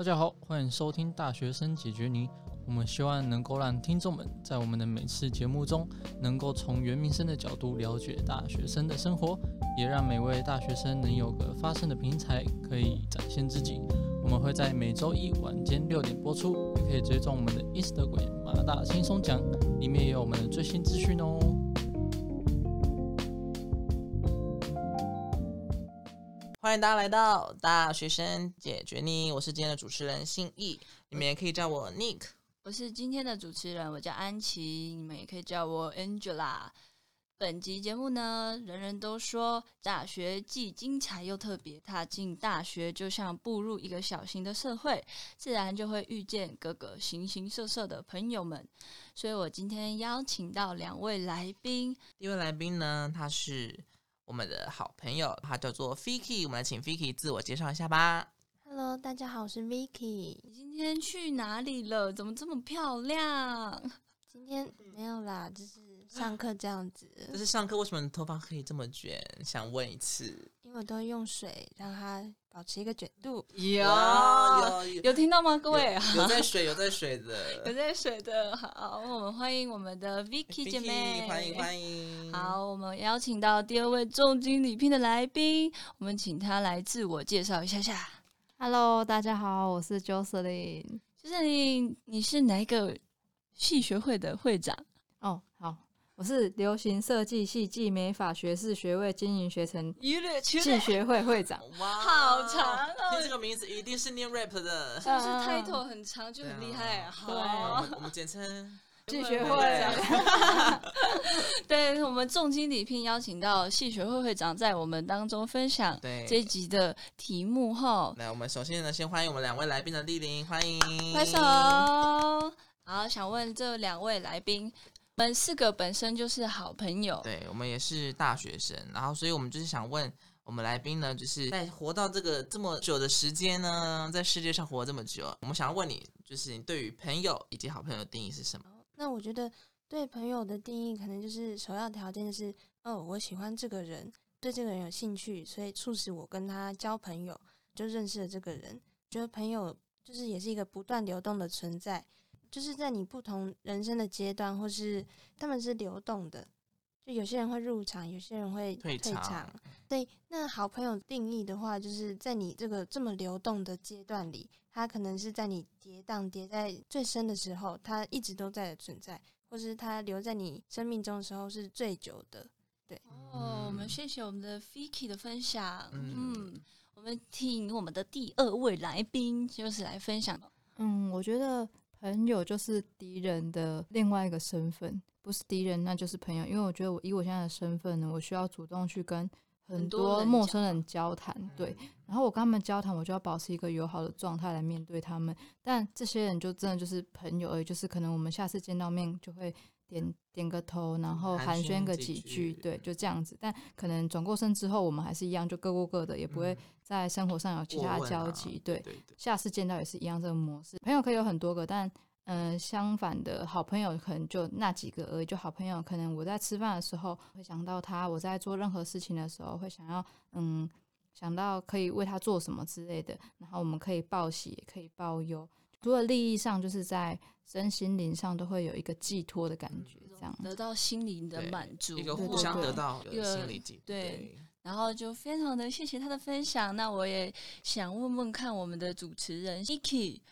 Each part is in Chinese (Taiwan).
大家好，歡迎收聽《大學生解決你》。我們希望能夠讓聽眾們在我們的每次節目中，能夠從原民生的角度了解大學生的生活，也讓每位大學生能有個發聲的平台，可以展現自己。我們會在每周一晚間六點播出，也可以追蹤我們的 Instagram“ 馬大輕鬆講”，裡面也有我們的最新資訊哦。歡迎大家來到大學生解決你，我是今天的主持人信義，你們也可以叫我 Nick。我是今天的主持人，我叫安琪，你們也可以叫我 Angela。本集節目呢，人人都說大學既精彩又特別，踏進大學就像步入一個小型的社會，自然就會遇見各個形形色色的朋友們。所以我今天邀請到兩位來賓，第一位來賓呢，他是。我們的好朋友，他叫做 Vicky。我們來請 Vicky 自我介紹一下吧。Hello，大家好，我是 Vicky。你今天去哪裡了？怎麼這麼漂亮？今天沒有啦，就是上課這樣子。就是上課，為什麼你頭髮可以這麼捲？想問一次。因為我都會用水讓它。保持一個捲度，有有 Yeah, 有，有有聽到嗎？各位有，有在水，有在水的， 有在水的。好，我們歡迎我們的 Vicky 姐妹，歡迎歡迎。歡迎好，我們邀請到第二位重金禮聘的來賓，我們請他來自我介紹一下下。Hello，大家好，我是 Joseline，Joseline，你是哪一個系學會的會長？我是流行設計系暨美髮學士學位、經營學程、系學會會長，wow, 好長哦！聽這個名字一定是念 rap 的，就、啊、是，是 title 很長就很厲害、啊。啊、好對、啊我，我們簡稱系對學會長。對， 對我們重金禮聘邀請到系學會會長在我們當中分享這集的題目哈。對來，我們首先呢先歡迎我們兩位來賓的蒞臨，歡迎，揮手。好，想問這兩位來賓。我們四個本身就是好朋友，對，我們也是大學生，然後所以我們就是想問我們來賓呢，就是在活到這個這麼久的時間呢，在世界上活了這麼久，我們想要問你，就是你對於朋友以及好朋友的定義是什麼？那我覺得對朋友的定義，可能就是首要條件就是，哦，我喜歡這個人，對這個人有興趣，所以促使我跟他交朋友，就認識了這個人。覺得朋友就是也是一個不斷流動的存在。就是在你不同人生的階段，或是他們是流動的，就有些人會入場，有些人會退場。對場，那好朋友定義的話，就是在你這個這麼流動的階段裡，他可能是在你跌宕、跌在最深的時候，他一直都在存在，或是他留在你生命中的時候是最久的。對。哦，我們謝謝我們的 Vicky 的分享。嗯，嗯，我們請我們的第二位來賓，就是來分享。嗯，我覺得。朋友就是敵人的另外一個身份，不是敵人，那就是朋友。因為我覺得我以我現在的身份呢，我需要主動去跟很多陌生人交談，對。然後我跟他們交談，我就要保持一個友好的狀態來面對他們。但這些人就真的就是朋友而已，就是可能我們下次見到面就會。點點個頭，然後寒暄個幾句，對，就這樣子。但可能轉過身之後，我們還是一樣，就各過各，各的，也不會在生活上有其他交集。對，啊、對對，下次見到也是一樣，這個模式。朋友可以有很多個，但嗯、呃，相反的好朋友可能就那幾個而已。就好朋友，可能我在吃飯的時候會想到他，我在做任何事情的時候會想要嗯想到可以為他做什麼之類的。然後我們可以報喜，也可以報憂。除了利益上，就是在身心靈上都會有一個寄托的感覺，這樣、嗯、得到心靈的滿足，一個互相得到一個心理寄託，對,對。然後就非常的謝謝他的分享。那我也想問問看我們的主持人 i k i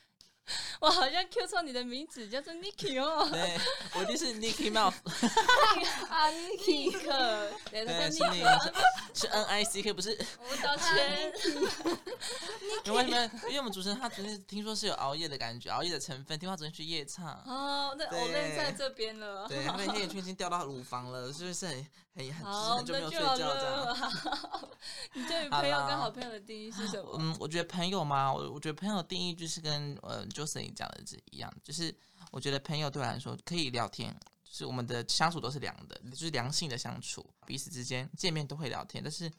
我好像 Q 錯你的名字，叫做 Niki 哦。對，我就是 Niki Mouth 啊，Nick，對，是 Nick，是，是 N I C K，不是。我道歉。你為什麼？因為我們主持人他昨天聽說是有熬夜的感覺，熬夜的成分，聽他昨天去夜唱。哦，那熬夜在這邊了。對，好他為黑眼圈已經掉到乳房了，就是不是？哎、呀，好，那就好了。好，你對於朋友跟好朋友的定義是什麼？嗯，我覺得朋友嘛，我我覺得朋友的定義就是跟呃 Johnson 講的是一樣，就是我覺得朋友對我來說可以聊天，就是我們的相處都是良的，就是良性的相處，彼此之間見面都會聊天，但是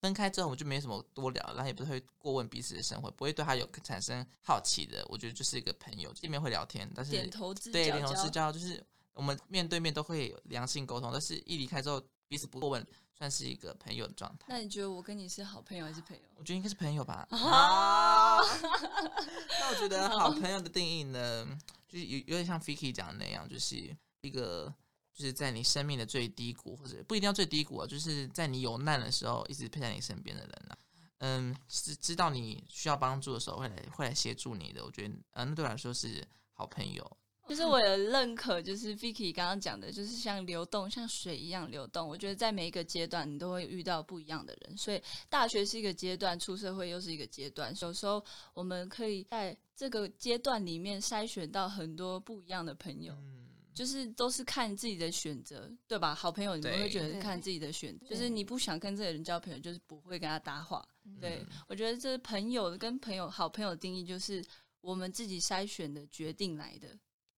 分開之後我們就沒什麼多聊，然後也不會過問彼此的生活，不會對他有產生好奇的。我覺得就是一個朋友，見面會聊天，但是對，點頭之交對，點頭之交就是我們面對面都會良性溝通，但是一離開之後。彼此不過問，算是一個朋友的狀態。那你覺得我跟你是好朋友還是朋友？我覺得應該是朋友吧。啊，啊 那我覺得好朋友的定義呢，就是有有點像 Vicky 講的那樣，就是一個就是在你生命的最低谷，或者不一定要最低谷啊，就是在你有難的時候一直陪在你身邊的人啊。嗯，是知道你需要幫助的時候會來會來協助你的。我覺得，呃，那對我來說是好朋友。就是我也認可，就是 Vicky 剛剛講的，就是像流動，像水一樣流動。我覺得在每一個階段，你都會遇到不一樣的人。所以，大學是一個階段，出社會又是一個階段。有時候我們可以在這個階段裡面篩選到很多不一樣的朋友。嗯，就是都是看自己的選擇，對吧？好朋友，你都會覺得是看自己的選擇，就是你不想跟這個人交朋友，就是不會跟他搭話。對，嗯，我覺得這朋友跟朋友、好朋友的定義，就是我們自己篩選的決定來的。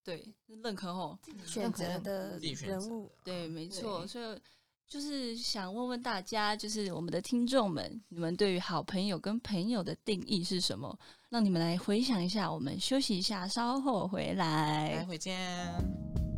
對，認可後選擇的人物，對，沒錯。對所以就是想問問大家，就是我們的聽眾們，你們對於好朋友跟朋友的定義是什麼？讓你們來回想一下，我們休息一下，稍後回來，來回見。嗯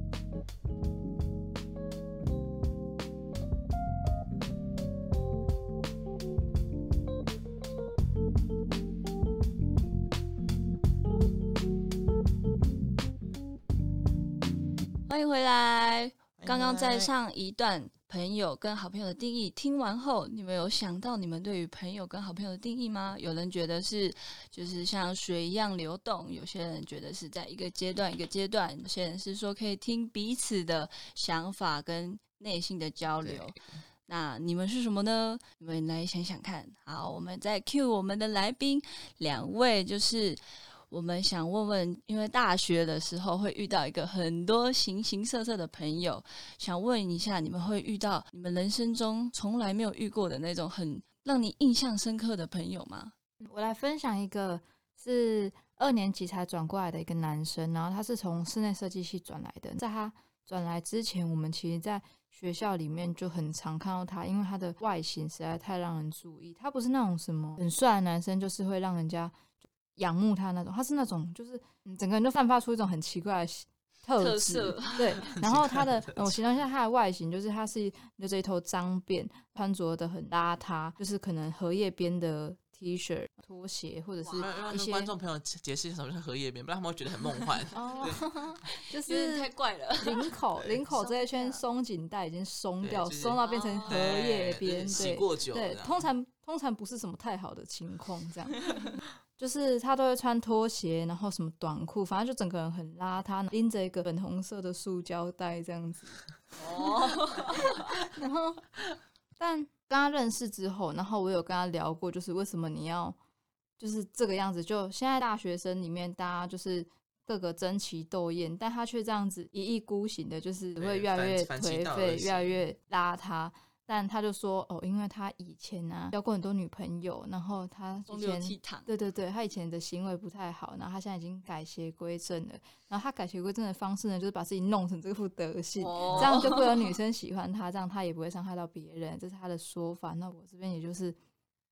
歡迎回來。剛剛在上一段朋友跟好朋友的定義，聽完後，你們有想到你們對於朋友跟好朋友的定義嗎？有人覺得是就是像水一樣流動，有些人覺得是在一個階段一個階段，有些人是說可以聽彼此的想法跟內心的交流。那你們是什麼呢？你們來想想看。好，我們再 Q 我們的來賓兩位，就是。我們想問問，因為大學的時候會遇到一個很多形形色色的朋友，想問一下，你們會遇到你們人生中從來沒有遇過的那種很讓你印象深刻的朋友嗎？我來分享一個，是二年級才轉過來的一個男生，然後他是從室內設計系轉來的。在他轉來之前，我們其實在學校裡面就很常看到他，因為他的外形實在太讓人注意。他不是那種什麼很帥的男生，就是會讓人家。仰慕他那種，他是那種就是，整個人就散發出一種很奇怪的特色，對。然後他的我形容一下他的外形，就是他是就這一頭髒辮，穿着的很邋遢，就是可能荷葉邊的 T 恤、拖鞋，或者是一些觀眾朋友解釋一下什麼是荷葉邊，不然他們會覺得很夢幻哦，就是太怪了。領口領口這一圈鬆緊帶已經鬆掉，鬆到變成荷葉邊，對。洗過久對，通常通常不是什麼太好的情況這樣。就是他都會穿拖鞋，然後什麼短褲，反正就整個人很邋遢，拎着一個粉紅色的塑膠袋這樣子。哦，oh. 然後但跟他認識之後，然後我有跟他聊過，就是為什麼你要就是這個樣子？就現在大學生裡面，大家就是各個爭奇鬥豔，但他卻這樣子一意孤行的，就是會越來越頹廢，越來越邋遢。但他就說哦，因為他以前呢、啊、交過很多女朋友，然後他以前中對對對，他以前的行為不太好，然後他現在已經改邪歸正了。然後他改邪歸正的方式呢，就是把自己弄成這副德性，哦、這樣就會有女生喜歡他，哦、這樣他也不會傷害到別人，這是他的說法。那我這邊也就是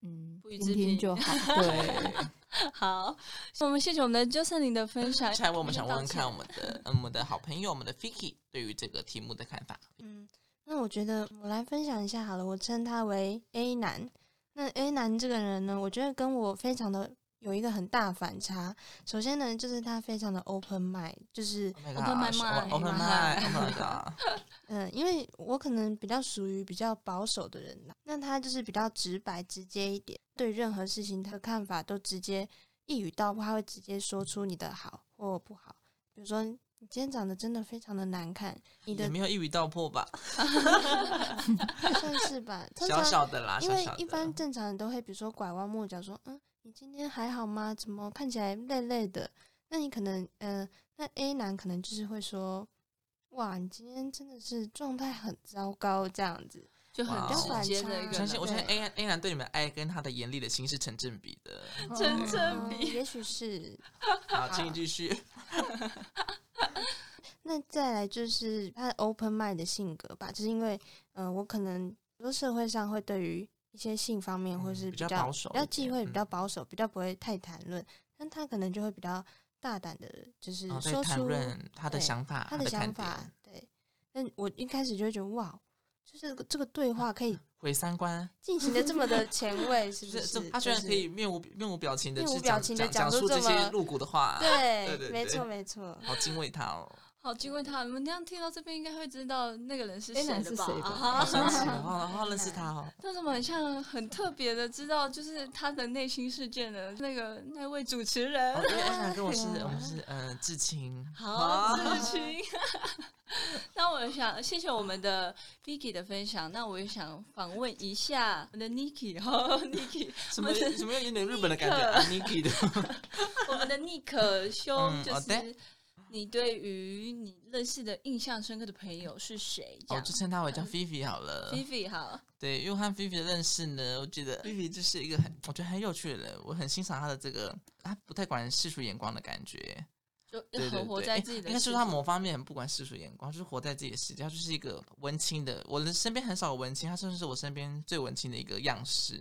嗯，不予置評,聽就好。對， 好，我們謝謝我們的 Johnson 的分享。接下來我們想問,問看我們的 嗯，我的好朋友，我們的 Vicky 對於這個題目的看法。嗯。那我覺得我來分享一下好了，我稱他為 A 男。那 A 男這個人呢，我覺得跟我非常的有一個很大反差。首先呢，就是他非常的 open mind，就是 open mind，open mind，open mind。Oh my God, 嗯，因為我可能比較屬於比，、oh 嗯、比，比較保守的人啦，那他就是比較直白直接一點，對任何事情他的看法都直接一語道破，他會直接說出你的好或不好。比如說。今天長得真的非常的難看，你的也沒有一語道破吧？算是吧，小小的啦，小小的。因為一般正常人都會，比如說拐彎抹角說：“嗯，你今天還好嗎？怎麼看起來累累的？”那你可能，嗯，那 A 男可能就是會說：“哇，你今天真的是狀態很糟糕，這樣子就很直接。”我相信，我相信 A A 男對你們愛跟他的嚴厲的心是成正比的，成正比，也許是。好，請你繼續。那再來就是他 open mind 的性格吧，就是因為，嗯、呃，我可能，多社會上會對於一些性方面，或是比較保比較忌諱、比較保守、比較不會太談論，那他可能就會比較大膽的，就是說出他的想法，他的想法，對。那我一開始就會覺得，哇，就是這個、這個、對話可以毀三觀，進行的這麼的前衛，是不是？ 他居然可以面無面無表情的，面無表情的講出這麼露骨的話，對，對對對，沒錯沒錯，好敬畏他哦。好，就問他，你們那樣聽到這邊，應該會知道那個人是誰的吧？啊，好，他哈，認識他哈、哦。但是我很像很特別的，知道就是他的內心世界的那個那位主持人。對，安南跟我是、嗯、我們是呃至親。好，至親。 那我想謝謝我們的 Vicky 的分享。那我也想訪問一下我們的 Nicky 哈、哦、，Nicky，什麼 ik, 什麼樣有點日本的感覺，Nicky、啊、的。iki 我們的 Nick 修就是。嗯你對於你認識的印象深刻的朋友是誰？哦，就稱他為叫菲菲好了。菲菲好，對，因為和菲菲的認識呢，我覺得菲菲就是一個很，我覺得很有趣的人。我很欣賞他的這個，他不太管世俗眼光的感覺，就很活在自己的。應該是，應該說他某方面不管世俗眼光，他就是活在自己的世界，他就是一個文青的。我的身邊很少文青，他甚至是我身邊最文青的一個樣式，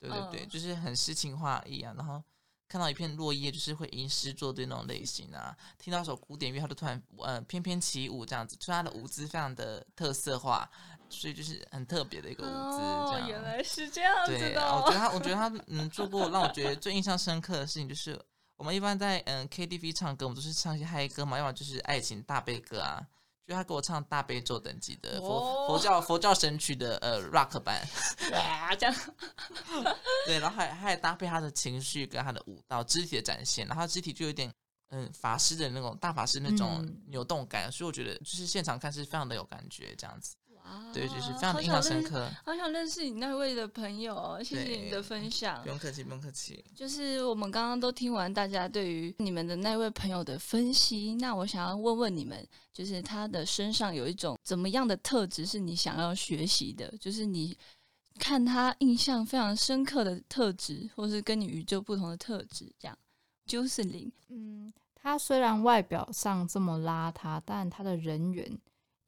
對對對，哦、就是很詩情畫意啊，然後。看到一片落葉，就是會吟詩作對那種類型啊。聽到一首古典樂，他就突然呃翩翩起舞這樣子，所以他的舞姿非常的特色化，所以就是很特別的一個舞姿這樣。樣、哦，原來是這樣子的、哦。對，我覺得他，我覺得他嗯做過讓我覺得最印象深刻的事情，就是我們一般在嗯、呃、KTV 唱歌，我們都是唱一些嗨歌嘛，要麼就是愛情大悲歌啊。因為他給我唱《大悲咒》等級的佛、哦、佛教佛教神曲的呃 rock 版 啊這樣， 對，然後還還搭配他的情緒跟他的舞蹈肢體的展現，然後他肢體就有點嗯法師的那種大法師那種扭動感，嗯、所以我覺得就是現場看是非常的有感覺這樣子。對，就是非常印象深刻好，好想認識你那位的朋友哦。謝謝你的分享。不用客氣，不用客氣。就是我們剛剛都聽完大家對於你們的那位朋友的分析，那我想要問問你們，就是他的身上有一種怎麼樣的特質是你想要學習的？就是你看他印象非常深刻的特質，或是跟你宇宙不同的特質？這樣，Jocelyn。嗯，他雖然外表上這麼邋遢，但他的人緣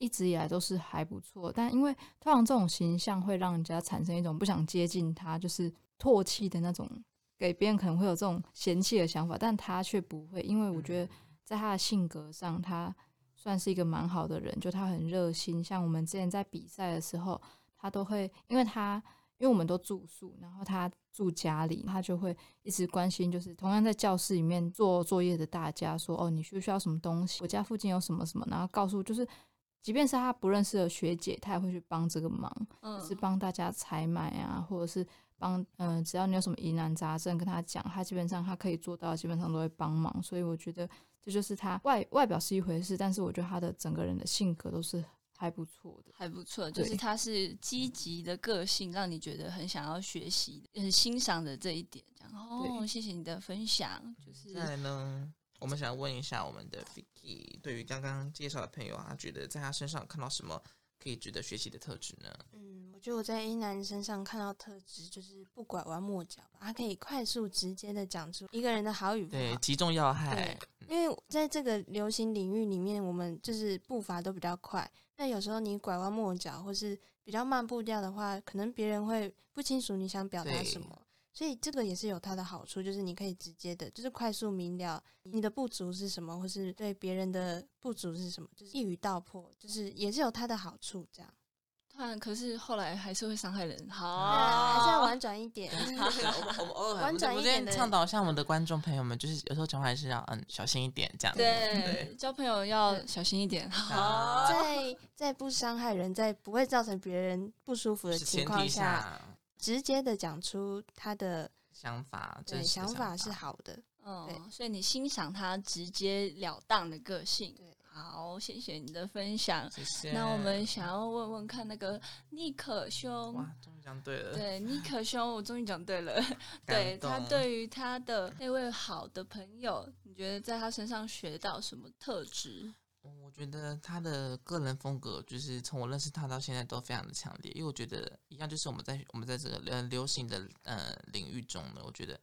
一直以來都是還不錯，但因為通常這種形象會讓人家產生一種不想接近他，就是唾棄的那種，給別人可能會有這種嫌棄的想法，但他卻不會，因為我覺得在他的性格上，他算是一個蠻好的人，就他很熱心。像我們之前在比賽的時候，他都會，因為他因為我們都住宿，然後他住家裡，他就會一直關心，就是同樣在教室裡面做作業的大家，說哦，你需不需要什麼東西？我家附近有什麼什麼，然後告訴就是。即便是他不認識的學姐，他也會去幫這個忙，嗯、是幫大家採買啊，或者是幫……嗯、呃，只要你有什麼疑難雜症，跟他講，他基本上他可以做到，基本上都會幫忙。所以我覺得這就是他外外表是一回事，但是我覺得他的整個人的性格都是還不錯的，還不錯，對就是他是積極的個性，嗯、讓你覺得很想要學習、很欣賞的這一點這樣。然後對、哦，謝謝你的分享，就是。我們想問一下我們的 Vicky，對於剛剛介紹的朋友啊，他覺得在他身上看到什麼可以值得學習的特質呢？嗯，我覺得我在英男身上看到特質就是不拐彎抹角，他可以快速直接的講出一個人的好與不好，對，擊中要害。對，因為在這個流行領域裡面，我們就是步伐都比較快，那有時候你拐彎抹角或是比較慢步調的話，可能別人會不清楚你想表達什麼。所以這個也是有它的好處，就是你可以直接的，就是快速明了你的不足是什麼，或是對別人的不足是什麼，就是一語道破，就是也是有它的好處。這樣，但可是後來還是會傷害人，好，還是要婉轉一點。婉轉一點的。我倡導像我們的觀眾朋友們，就是有時候講話還是要嗯小心一點，這樣。對，交朋友要小心一點。好，在在不傷害人，在不會造成別人不舒服的情況下。直接的講出他的想法，想法，對，想法是好的，嗯，所以你欣賞他直截了當的個性，對，好，謝謝你的分享，謝謝。那我們想要問問看那個尼克兄，哇，終於講對了，對，尼克兄，我終於講對了，感動。對他對於他的那位好的朋友，你覺得在他身上學到什麼特質？我覺得他的個人風格就是從我認識他到現在都非常的強烈，因為我覺得一樣就是我們在我們在這個流行的呃領域中呢，我覺得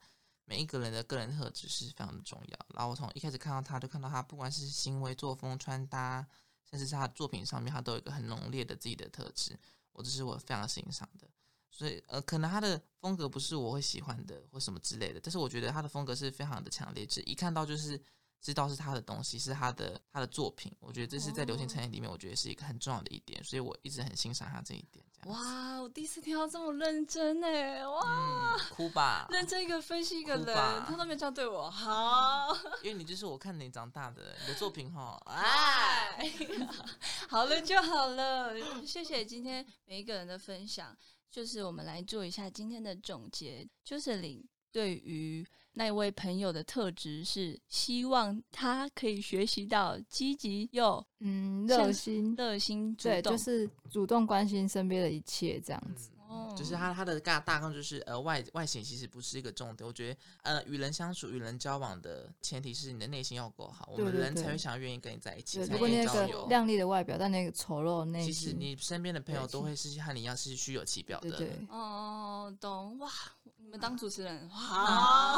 每一個人的個人特質是非常的重要。然後我從一開始看到他就看到他不管是行為作風、穿搭，甚至是他作品上面，他都有一個很濃烈的自己的特質，我這是我非常的欣賞的。所以呃，可能他的風格不是我會喜歡的或什麼之類的，但是我覺得他的風格是非常的強烈，只一看到就是知道是他的東西，是他的他的作品，我覺得這是在流行產業裡面，哦、我覺得是一個很重要的一點，所以我一直很欣賞他這一點這。哇，我第一次聽到這麼認真哎哇，嗯，哭吧，認真一個分析一個人，吧他都沒這樣對我好，嗯啊，因為你就是我看你長大的， 你的作品哈，哎，Hi 好了就好了， 謝謝今天每一個人的分享，就是我們來做一下今天的總結，就是零。對於那位朋友的特質是，希望他可以學習到積極又熱嗯熱心，熱心對，就是主動關心身邊的一切這樣子。就是他，他的大大綱就是，呃，外外形其實不是一個重點。我覺得，呃，與人相處、與人交往的前提是你的內心要夠好，對對對，我們人才會想要願意跟你在一起，才願，如果那個靚麗的外表，但那個醜陋內心，其實你身邊的朋友都會是和你一樣是虛有其表的。對對對哦，懂哇？你們當主持人，好。哇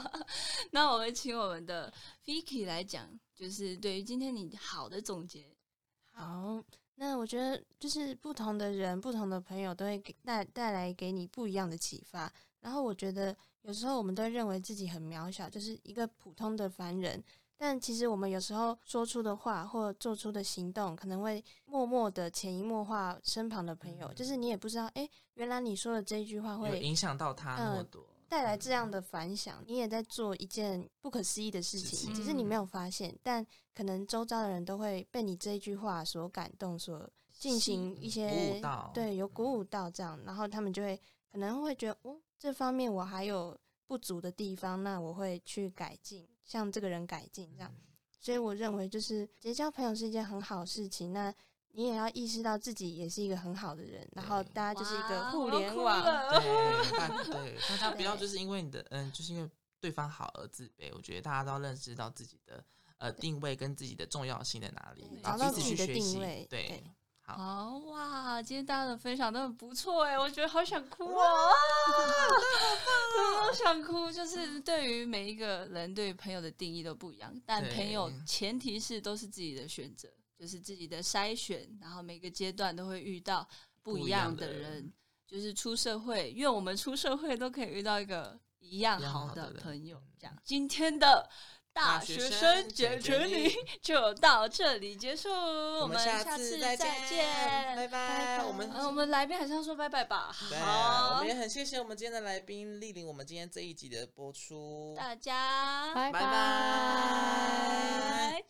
哦、 那我們請我們的 Vicky 來講，就是對於今天你好的總結，好。好那我覺得，就是不同的人、不同的朋友，都會給帶帶來給你不一樣的啟發。然後我覺得，有時候我們都認為自己很渺小，就是一個普通的凡人。但其實我們有時候說出的話或做出的行動，可能會默默的潛移默化身旁的朋友，嗯、就是你也不知道，誒，原來你說的這一句話會影響到他那麼多、呃，帶來這樣的反響。嗯、你也在做一件不可思議的事情，只是，是其實你沒有發現，但。可能周遭的人都會被你這一句話所感動，所進行一些鼓舞到，對，有鼓舞到這樣，然後他們就會可能會覺得哦，這方面我還有不足的地方，那我會去改進，向這個人改進這樣。所以我認為就是結交朋友是一件很好事情。那你也要意識到自己也是一個很好的人，然後大家就是一個互聯網，對，大家不要就是因為你的嗯，就是因為對方好而自卑。我覺得大家都要認識到自己的。呃，定位跟自己的重要性在哪裡？對找到自己的定位。對，好，好哇！今天大家的分享都很不錯哎、欸，我覺得好想哭哦。哇 想哭。就是對於每一個人，對朋友的定義都不一樣，但朋友前提是都是自己的選擇，對就是自己的篩選。然後每個階段都會遇到不一樣的人，的就是出社會，因為我們出社會都可以遇到一個一樣好的朋友。好好對對，這樣，今天的，大學生解成你，解你就到這裡結束，我們下次再見，拜拜。拜拜我們、呃、我們來賓還是要說拜拜吧。啊、好，我們也很謝謝我們今天的來賓蒞臨我們今天這一集的播出，大家拜拜。